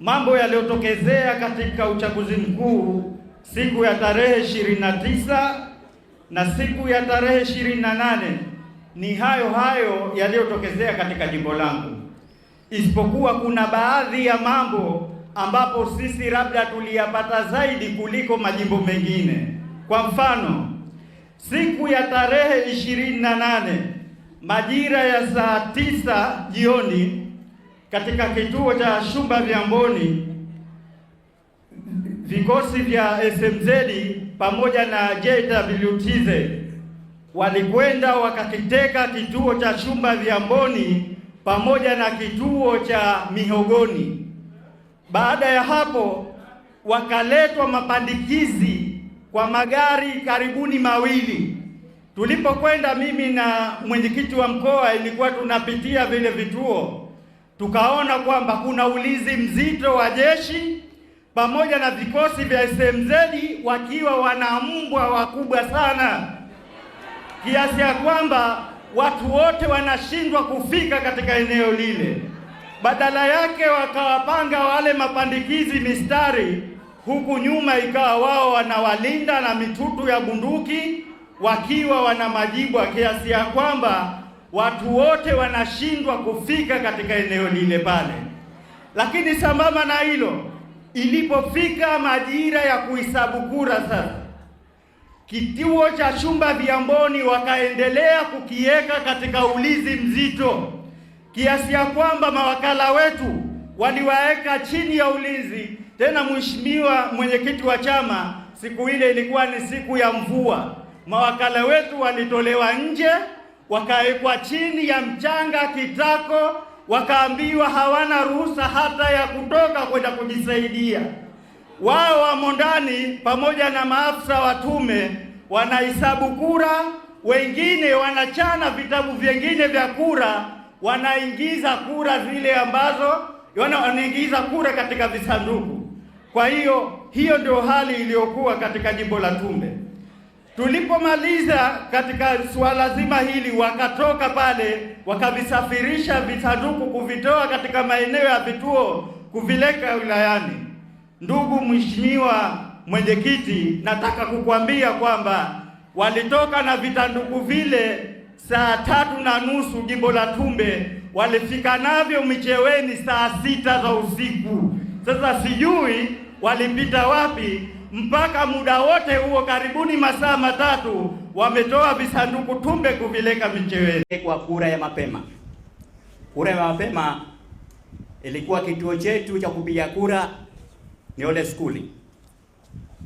mambo yaliyotokezea katika uchaguzi mkuu siku ya tarehe 29 na siku ya tarehe 28 ni hayo hayo yaliyotokezea katika jimbo langu, isipokuwa kuna baadhi ya mambo ambapo sisi labda tuliyapata zaidi kuliko majimbo mengine. Kwa mfano, siku ya tarehe 28 majira ya saa tisa jioni katika kituo cha Shumba Vyamboni, vikosi vya SMZ pamoja na JWTZ walikwenda wakakiteka kituo cha Shumba Vyamboni pamoja na kituo cha Mihogoni. Baada ya hapo, wakaletwa mapandikizi kwa magari karibuni mawili. Tulipokwenda mimi na mwenyekiti wa mkoa, ilikuwa tunapitia vile vituo tukaona kwamba kuna ulinzi mzito wa jeshi pamoja na vikosi vya SMZ wakiwa wana mbwa wakubwa sana kiasi ya kwamba watu wote wanashindwa kufika katika eneo lile. Badala yake wakawapanga wale mapandikizi mistari, huku nyuma ikawa wao wanawalinda na mitutu ya bunduki, wakiwa wana majibwa, kiasi ya kwamba watu wote wanashindwa kufika katika eneo lile pale. Lakini sambamba na hilo, ilipofika majira ya kuhesabu kura sasa kituo cha Chumba Vyamboni wakaendelea kukiweka katika ulinzi mzito kiasi ya kwamba mawakala wetu waliwaweka chini ya ulinzi. Tena mheshimiwa mwenyekiti wa chama, siku ile ilikuwa ni siku ya mvua, mawakala wetu walitolewa nje wakawekwa chini ya mchanga kitako, wakaambiwa hawana ruhusa hata ya kutoka kwenda kujisaidia. Wao wamo ndani pamoja na maafisa wa tume, wanahesabu kura, wengine wanachana vitabu vyengine vya kura, wanaingiza kura zile ambazo wanaingiza kura katika visanduku. Kwa hiyo hiyo ndio hali iliyokuwa katika jimbo la Tume. Tulipomaliza katika suala zima hili, wakatoka pale wakavisafirisha visanduku kuvitoa katika maeneo ya vituo kuvileka wilayani. Ndugu mheshimiwa mwenyekiti, nataka kukuambia kwamba walitoka na vitanduku vile saa tatu na nusu jimbo la Tumbe, walifika navyo Micheweni saa sita za usiku. Sasa sijui walipita wapi mpaka muda wote huo, karibuni masaa matatu, wametoa visanduku tumbe kuvileka Micheweni kwa kura ya mapema. Kura ya mapema ilikuwa kituo chetu cha kupiga kura ni ole skuli,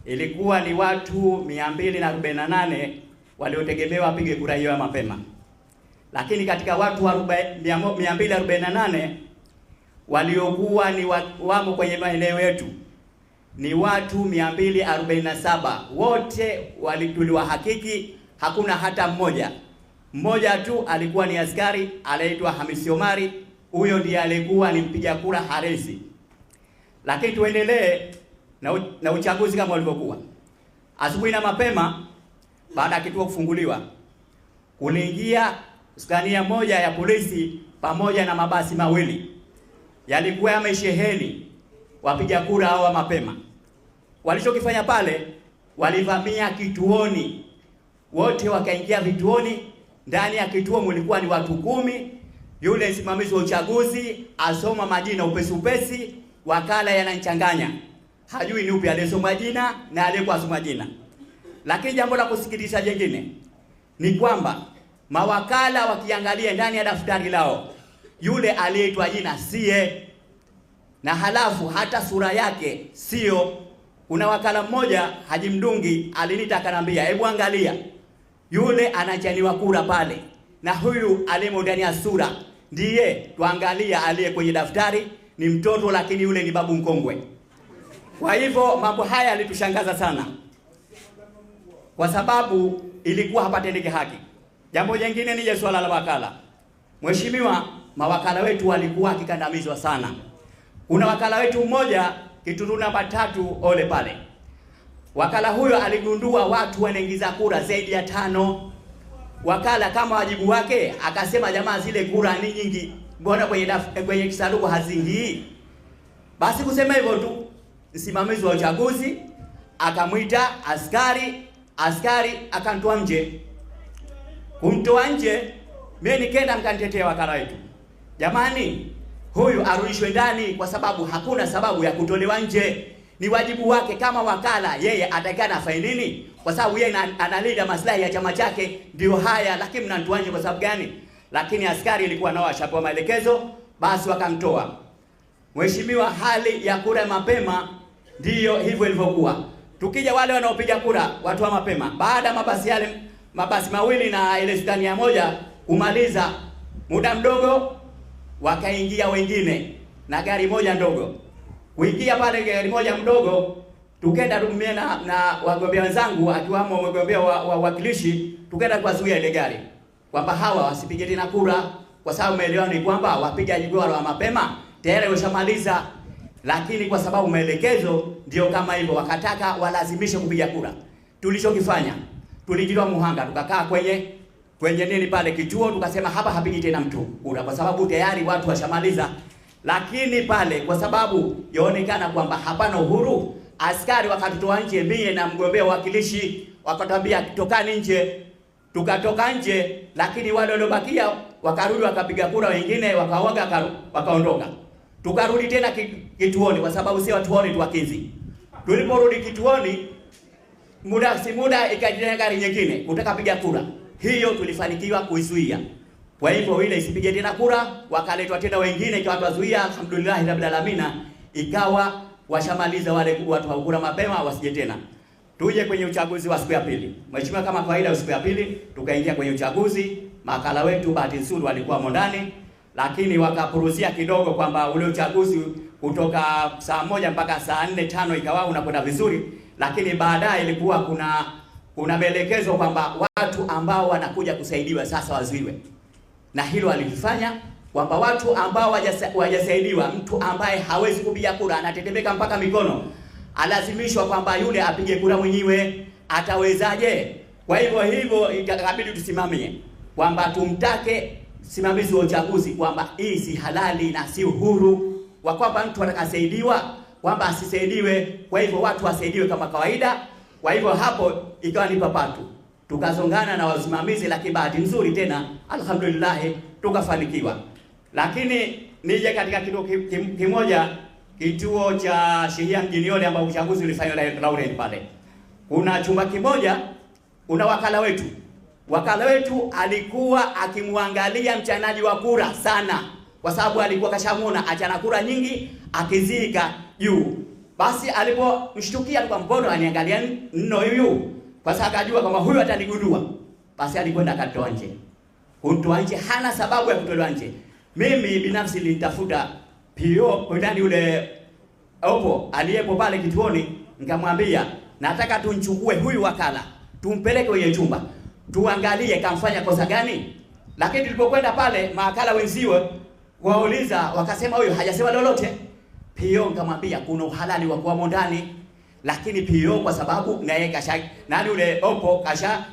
ilikuwa ni watu 248 waliotegemewa wapige kura hiyo ya mapema, lakini katika watu 248 waliokuwa ni wamo kwenye maeneo yetu ni watu 247 wote hakiki, hakuna hata mmoja. Mmoja tu alikuwa ni askari anaitwa Hamisi Omari, huyo ndiye alikuwa ni mpiga kura halisi. Lakini tuendelee na, na uchaguzi kama ulivyokuwa. Asubuhi na mapema, baada ya kituo kufunguliwa, kuliingia skania moja ya polisi pamoja na mabasi mawili yalikuwa yamesheheni wapiga kura hawa mapema. Walichokifanya pale, walivamia kituoni, wote wakaingia vituoni. Ndani ya kituo mlikuwa ni watu kumi. Yule msimamizi wa uchaguzi asoma majina upesi upesi, wakala yanachanganya hajui ni upi aliyesoma jina na aliyekuwa asoma jina. Lakini jambo la kusikitisha jingine ni kwamba mawakala wakiangalia ndani ya daftari lao, yule aliyeitwa jina sie na halafu hata sura yake sio. Kuna wakala mmoja Haji Mdungi alinita akanambia, hebu angalia yule anachaniwa kura pale na huyu alimo ndani ya sura ndiye tuangalia, aliye kwenye daftari ni mtoto, lakini yule ni babu mkongwe. Kwa hivyo mambo haya yalitushangaza sana, kwa sababu ilikuwa hapatendeki haki. Jambo jingine nije swala la wakala. Mheshimiwa, mawakala wetu walikuwa wakikandamizwa sana. Kuna wakala wetu mmoja kituruna namba tatu ole pale. Wakala huyo aligundua watu wanaingiza kura zaidi ya tano. Wakala kama wajibu wake akasema, jamaa, zile kura ni nyingi, mbona kwenye kwenye kisanduku haziingii? Basi kusema hivyo tu, msimamizi wa uchaguzi akamwita askari, askari akantoa nje. Kumtoa nje, mimi nikaenda mkanitetea wakala wetu, jamani huyu arudishwe ndani, kwa sababu hakuna sababu ya kutolewa nje. Ni wajibu wake kama wakala, yeye atakana afanye nini? Kwa sababu yeye analinda maslahi ya chama chake, ndio haya. Lakini mnamtuanje kwa sababu gani? Lakini askari ilikuwa nao ashapewa maelekezo, basi wakamtoa mheshimiwa. Hali ya kura mapema ndiyo hivyo ilivyokuwa. Tukija wale wanaopiga kura watu wa mapema, baada ya mabasi yale mabasi mawili na ile stani ya moja kumaliza muda mdogo wakaingia wengine na gari moja ndogo. Kuingia pale gari moja mdogo, tukenda tumie na, na wagombea wenzangu akiwamo wagombea wa wawakilishi, tukenda kuwazuia ile gari kwamba hawa wasipige tena kura, kwa sababu umeelewa ni kwamba wapiga kura wa mapema tayari washamaliza, lakini kwa sababu maelekezo ndio kama hivyo, wakataka walazimishe kupiga kura. Tulichokifanya tulijitoa muhanga, tukakaa kwenye kwenye nini pale kituo, tukasema hapa hapigi tena mtu kura kwa sababu tayari watu washamaliza. Lakini pale kwa sababu yaonekana kwamba hapana uhuru, askari wakatutoa nje, mie na mgombea wakilishi wakatambia tokani nje, tukatoka nje, lakini wale waliobakia wakarudi wakapiga kura, wengine wakawaga wakaondoka. Tukarudi tena kituoni kwa sababu si watu wote tuwakizi. Tuliporudi kituoni, muda si muda, ikajenga gari nyingine kutaka piga kura hiyo tulifanikiwa kuizuia. Kwa hivyo ile isipige tena kura, wakaletwa tena wengine, ikawa tuwazuia. Alhamdulillah rabbil alamin, ikawa washamaliza wale watu wa kura mapema, wasije tena. Tuje kwenye uchaguzi wa siku ya pili, mheshimiwa, kama kawaida siku ya pili tukaingia kwenye uchaguzi. Makala wetu bahati nzuri walikuwa mondani, lakini wakapuruzia kidogo kwamba ule uchaguzi kutoka saa moja mpaka saa nne tano ikawa unakwenda vizuri, lakini baadaye ilikuwa kuna kuna maelekezo kwamba watu ambao wanakuja kusaidiwa sasa waziwe, na hilo alilifanya kwamba watu ambao wajasaidiwa, mtu ambaye hawezi kupiga kura, anatetemeka mpaka mikono, alazimishwa kwamba yule apige kura mwenyewe, atawezaje? Kwa hivyo hivyo ikabidi tusimamie kwamba tumtake simamizi wa uchaguzi kwamba hii si halali na si uhuru wa kwamba mtu atakasaidiwa kwamba asisaidiwe. Kwa hivyo watu wasaidiwe kama kawaida. Kwa hivyo hapo ikawa ni papatu, tukazongana na wasimamizi, lakini bahati nzuri tena alhamdulillah tukafanikiwa. Lakini nije katika kituo kimoja, kituo cha shehia mjini ole ambao uchaguzi ulifanywa na Laurent pale, kuna chumba kimoja, kuna wakala wetu wakala wetu alikuwa akimwangalia mchanaji wa kura sana, kwa sababu alikuwa kashamuona achana kura nyingi akizika juu. Basi alipomshtukia kwa mbono aniangalia nno huyu. Kwa sababu akajua kwamba huyu atanigundua. Basi alikwenda akatoa nje. Kutoa nje hana sababu ya kutolewa nje. Mimi binafsi nilitafuta pio ndani ule opo aliyepo pale kituoni, nikamwambia nataka tunchukue huyu wakala tumpeleke kwenye chumba tuangalie kamfanya kosa gani. Lakini tulipokwenda pale mawakala wenziwe wauliza, wakasema huyu hajasema lolote. Pio nikamwambia kuna uhalali wa kuwamo ndani, lakini Pio kwa sababu naye kasha nani ule opo kasha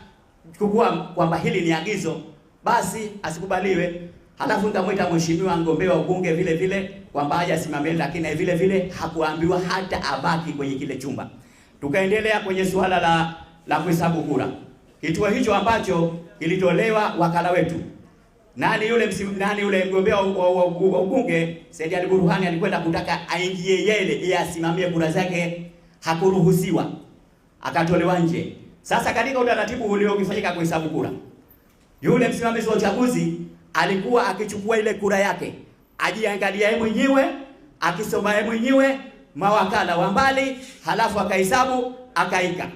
chukua kwamba hili ni agizo, basi asikubaliwe. Halafu nikamwita mheshimiwa mgombea wa ubunge vile vile kwamba aje asimamie, lakini vile vile hakuambiwa hata abaki kwenye kile chumba. Tukaendelea kwenye suala la la kuhesabu kura, kituo hicho ambacho kilitolewa wakala wetu nani yule msim, nani yule mgombea wa ubunge Said Ali Burhani alikwenda kutaka aingie yele ili asimamie kura zake, hakuruhusiwa, akatolewa nje. Sasa katika utaratibu uliofanyika kuhesabu kura, yule msimamizi wa uchaguzi alikuwa akichukua ile kura yake, ajiangalia yeye mwenyewe, akisoma yeye mwenyewe, mawakala wa mbali, halafu akahesabu akaika.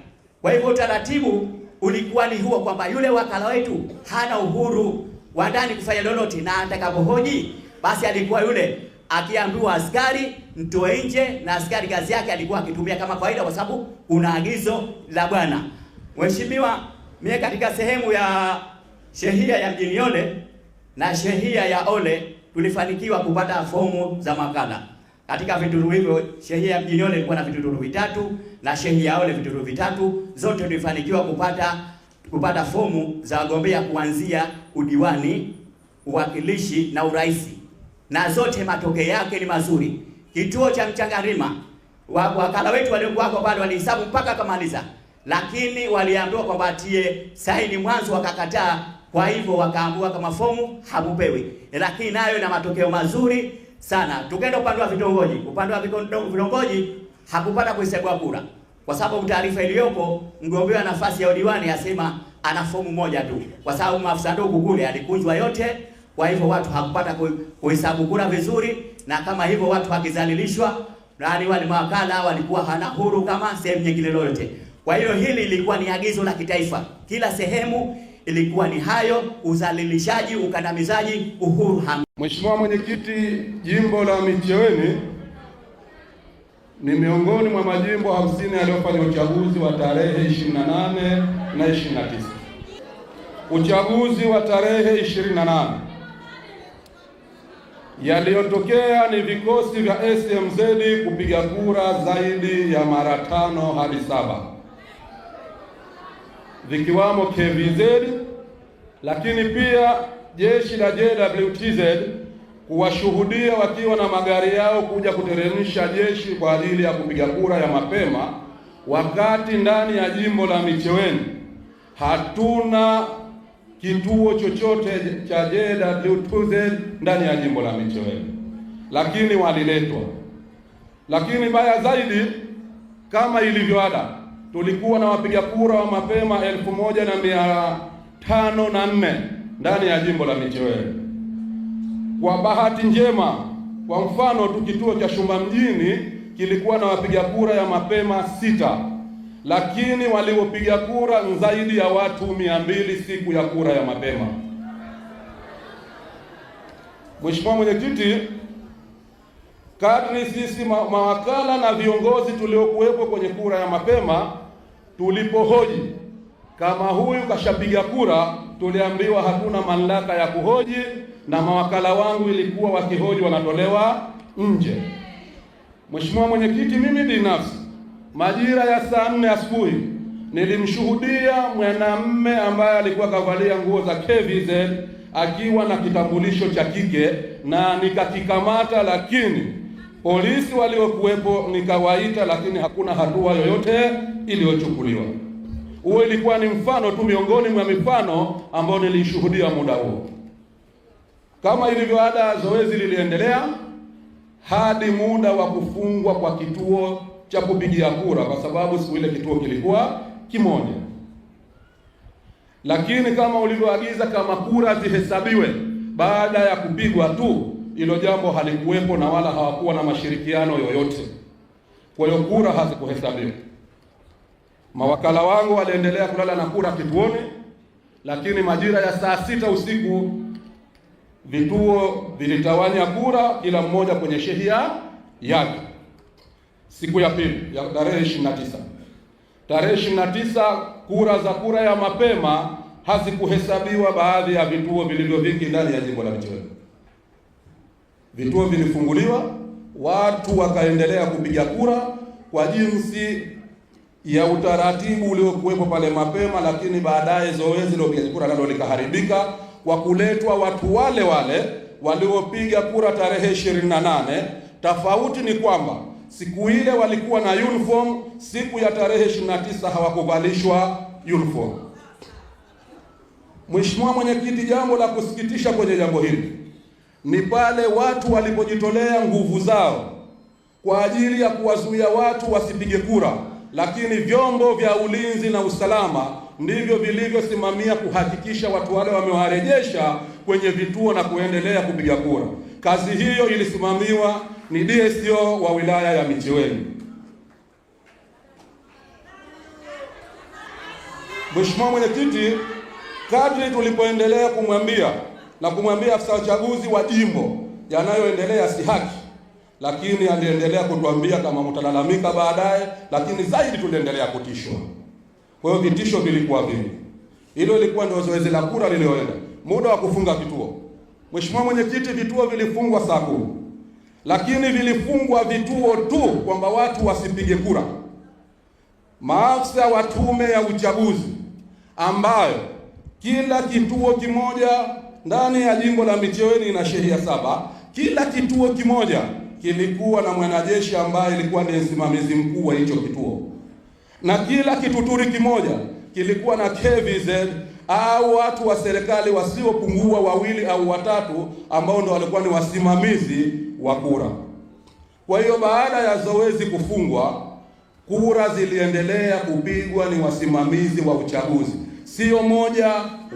Kwa hivyo utaratibu ulikuwa ni huo kwamba yule wakala wetu hana uhuru wadani kufanya lolote, na atakapohoji basi, alikuwa yule akiambiwa askari mtoe nje, na askari kazi yake alikuwa akitumia kama kawaida, kwa sababu kuna agizo la Bwana. Mheshimiwa, mie katika sehemu ya shehia ya mjini Ole na shehia ya Ole tulifanikiwa kupata fomu za makala katika vituru hivyo. Shehia ya mjini Ole ilikuwa na vituru vitatu na shehia ya Ole vituru vitatu, zote tulifanikiwa kupata kupata fomu za wagombea kuanzia udiwani, uwakilishi na urais, na zote matokeo yake ni mazuri. Kituo cha Mchangarima wakala wetu waliokuwako pale walihesabu mpaka kamaliza, lakini waliambiwa kwamba atie saini mwanzo, wakakataa. Kwa hivyo wakaambua kama fomu hamupewi, lakini nayo na matokeo mazuri sana. Tukaenda upande wa vitongoji, upande wa vitongoji hakupata kuhesabiwa kura kwa sababu taarifa iliyopo mgombea wa nafasi ya udiwani asema ana fomu moja tu, kwa sababu maafisa ndugu kule alikunjwa yote. Kwa hivyo watu hakupata kuhesabu kura vizuri, na kama hivyo watu wakizalilishwa, nani wale mawakala walikuwa hana huru kama sehemu nyingine lolote. Kwa hiyo hili ilikuwa ni agizo la kitaifa, kila sehemu ilikuwa ni hayo: uzalilishaji, ukandamizaji, uhuru. Mheshimiwa Mwenyekiti, jimbo la Micheweni ni miongoni mwa majimbo 50 yaliyofanya uchaguzi wa tarehe 28 na 29. Uchaguzi wa tarehe 28 yaliyotokea ni vikosi vya SMZ kupiga kura zaidi ya mara tano hadi saba vikiwamo KVZ, lakini pia jeshi la JWTZ kuwashuhudia wakiwa na magari yao kuja kuteremsha jeshi kwa ajili ya kupiga kura ya mapema, wakati ndani ya jimbo la Micheweni hatuna kituo chochote cha JWTZ ndani ya jimbo la Micheweni, lakini waliletwa. Lakini baya zaidi, kama ilivyo ada, tulikuwa na wapiga kura wa mapema elfu moja na mia tano na nne ndani ya jimbo la Micheweni kwa bahati njema, kwa mfano tu, kituo cha Shumba mjini kilikuwa na wapiga kura ya mapema sita, lakini waliopiga kura zaidi ya watu mia mbili siku ya kura ya mapema. Mheshimiwa Mwenyekiti, kadri sisi ma mawakala na viongozi tuliokuwepo kwenye kura ya mapema tulipohoji kama huyu kashapiga kura tuliambiwa hakuna mamlaka ya kuhoji, na mawakala wangu ilikuwa wakihoji wanatolewa nje. Mheshimiwa Mwenyekiti, mimi binafsi majira ya saa nne asubuhi nilimshuhudia mwanamme ambaye alikuwa kavalia nguo za KVZ akiwa na kitambulisho cha kike na nikakikamata, lakini polisi waliokuwepo nikawaita, lakini hakuna hatua yoyote iliyochukuliwa huo ilikuwa ni mfano tu miongoni mwa mifano ambayo nilishuhudia muda huo. Kama ilivyo ada, zoezi liliendelea hadi muda wa kufungwa kwa kituo cha kupigia kura, kwa sababu siku ile kituo kilikuwa kimoja. Lakini kama ulivyoagiza, kama kura zihesabiwe baada ya kupigwa tu, hilo jambo halikuwepo na wala hawakuwa na mashirikiano yoyote. Kwa hiyo kura hazikuhesabiwa. Mawakala wangu waliendelea kulala na kura kituoni, lakini majira ya saa sita usiku vituo vilitawanya kura kila mmoja kwenye shehia yake. Siku ya pili ya tarehe 29, tarehe 29 kura za kura ya mapema hazikuhesabiwa. Baadhi ya vituo vilivyo vingi ndani ya jimbo la Micheweni, vituo vilifunguliwa, watu wakaendelea kupiga kura kwa jinsi ya utaratibu uliokuwepo pale mapema, lakini baadaye zoezi la upigaji kura nalo likaharibika kwa kuletwa watu wale wale waliopiga kura tarehe 28. Tofauti ni kwamba siku ile walikuwa na uniform, siku ya tarehe 29 hawakuvalishwa uniform. Mheshimiwa Mwenyekiti, jambo la kusikitisha kwenye jambo hili ni pale watu walipojitolea nguvu zao kwa ajili ya kuwazuia watu wasipige kura lakini vyombo vya ulinzi na usalama ndivyo vilivyosimamia kuhakikisha watu wale wamewarejesha kwenye vituo na kuendelea kupiga kura. Kazi hiyo ilisimamiwa ni DSO wa wilaya ya Micheweni. Mheshimiwa Mwenyekiti, kadri tulipoendelea kumwambia na kumwambia afisa uchaguzi wa jimbo yanayoendelea si haki lakini aliendelea kutuambia kama mtalalamika baadaye, lakini zaidi tuliendelea kutishwa. Kwa hiyo vitisho vilikuwa vingi. Hilo ilikuwa ndio zoezi la kura lilioenda Muda wa kufunga vituo, Mheshimiwa Mwenyekiti, vituo vilifungwa saa kumi, lakini vilifungwa vituo tu kwamba watu wasipige kura. Maafisa wa tume ya uchaguzi ambayo kila kituo kimoja ndani ya jimbo la Micheweni ina sheria saba, kila kituo kimoja kilikuwa na mwanajeshi ambaye ilikuwa ni msimamizi mkuu wa hicho kituo, na kila kituturi kimoja kilikuwa na KVZ au watu wa serikali wasiopungua wawili au watatu ambao ndo walikuwa ni wasimamizi wa kura. Kwa hiyo baada ya zoezi kufungwa, kura ziliendelea kupigwa ni wasimamizi wa uchaguzi, sio moja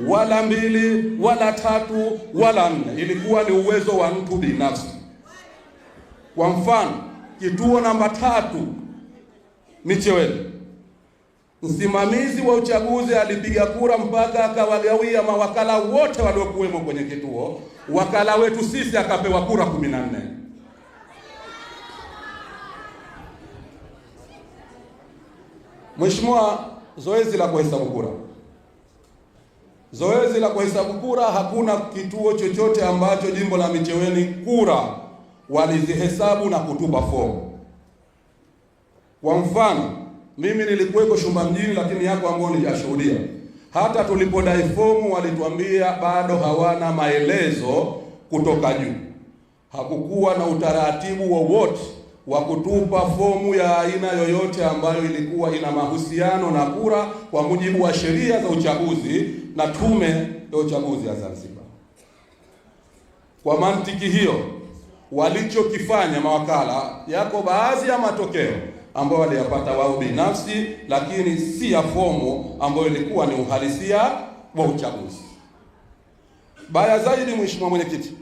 wala mbili wala tatu wala nne, ilikuwa ni uwezo wa mtu binafsi. Kwa mfano, kituo namba tatu Micheweni, msimamizi wa uchaguzi alipiga kura mpaka akawagawia mawakala wote waliokuwemo kwenye kituo. Wakala wetu sisi akapewa kura kumi na nne. Mheshimiwa, zoezi la kuhesabu kura, zoezi la kuhesabu kura, hakuna kituo chochote ambacho jimbo la Micheweni kura walizihesabu na kutupa fomu. Kwa mfano, mimi nilikuweko Shumba mjini, lakini yako ambao nijashuhudia. Hata tulipodai fomu walituambia bado hawana maelezo kutoka juu. Hakukuwa na utaratibu wowote wa, wa kutupa fomu ya aina yoyote ambayo ilikuwa ina mahusiano na kura kwa mujibu wa sheria za uchaguzi na Tume ya Uchaguzi ya Zanzibar. Kwa mantiki hiyo walichokifanya mawakala, yako baadhi ya matokeo ambayo waliyapata wao binafsi, lakini si ya fomo ambayo ilikuwa ni uhalisia wa uchaguzi. Baya zaidi, mheshimiwa mwenyekiti,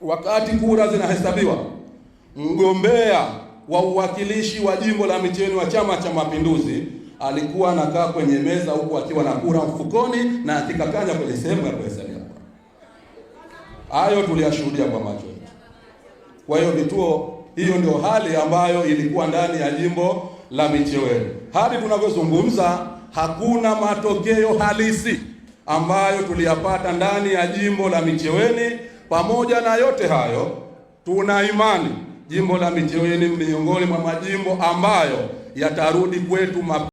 wakati kura zinahesabiwa, mgombea wa uwakilishi wa jimbo la Micheweni wa Chama cha Mapinduzi alikuwa anakaa kwenye meza huku akiwa na kura mfukoni na akikakanya kwenye sehemu ya kuhesabia kura. Hayo tuliyashuhudia kwa macho. Kwa hiyo vituo, hiyo ndio hali ambayo ilikuwa ndani ya jimbo la Micheweni. Hadi tunavyozungumza, hakuna matokeo halisi ambayo tuliyapata ndani ya jimbo la Micheweni. Pamoja na yote hayo, tuna imani jimbo la Micheweni miongoni mwa majimbo ambayo yatarudi kwetu mapema.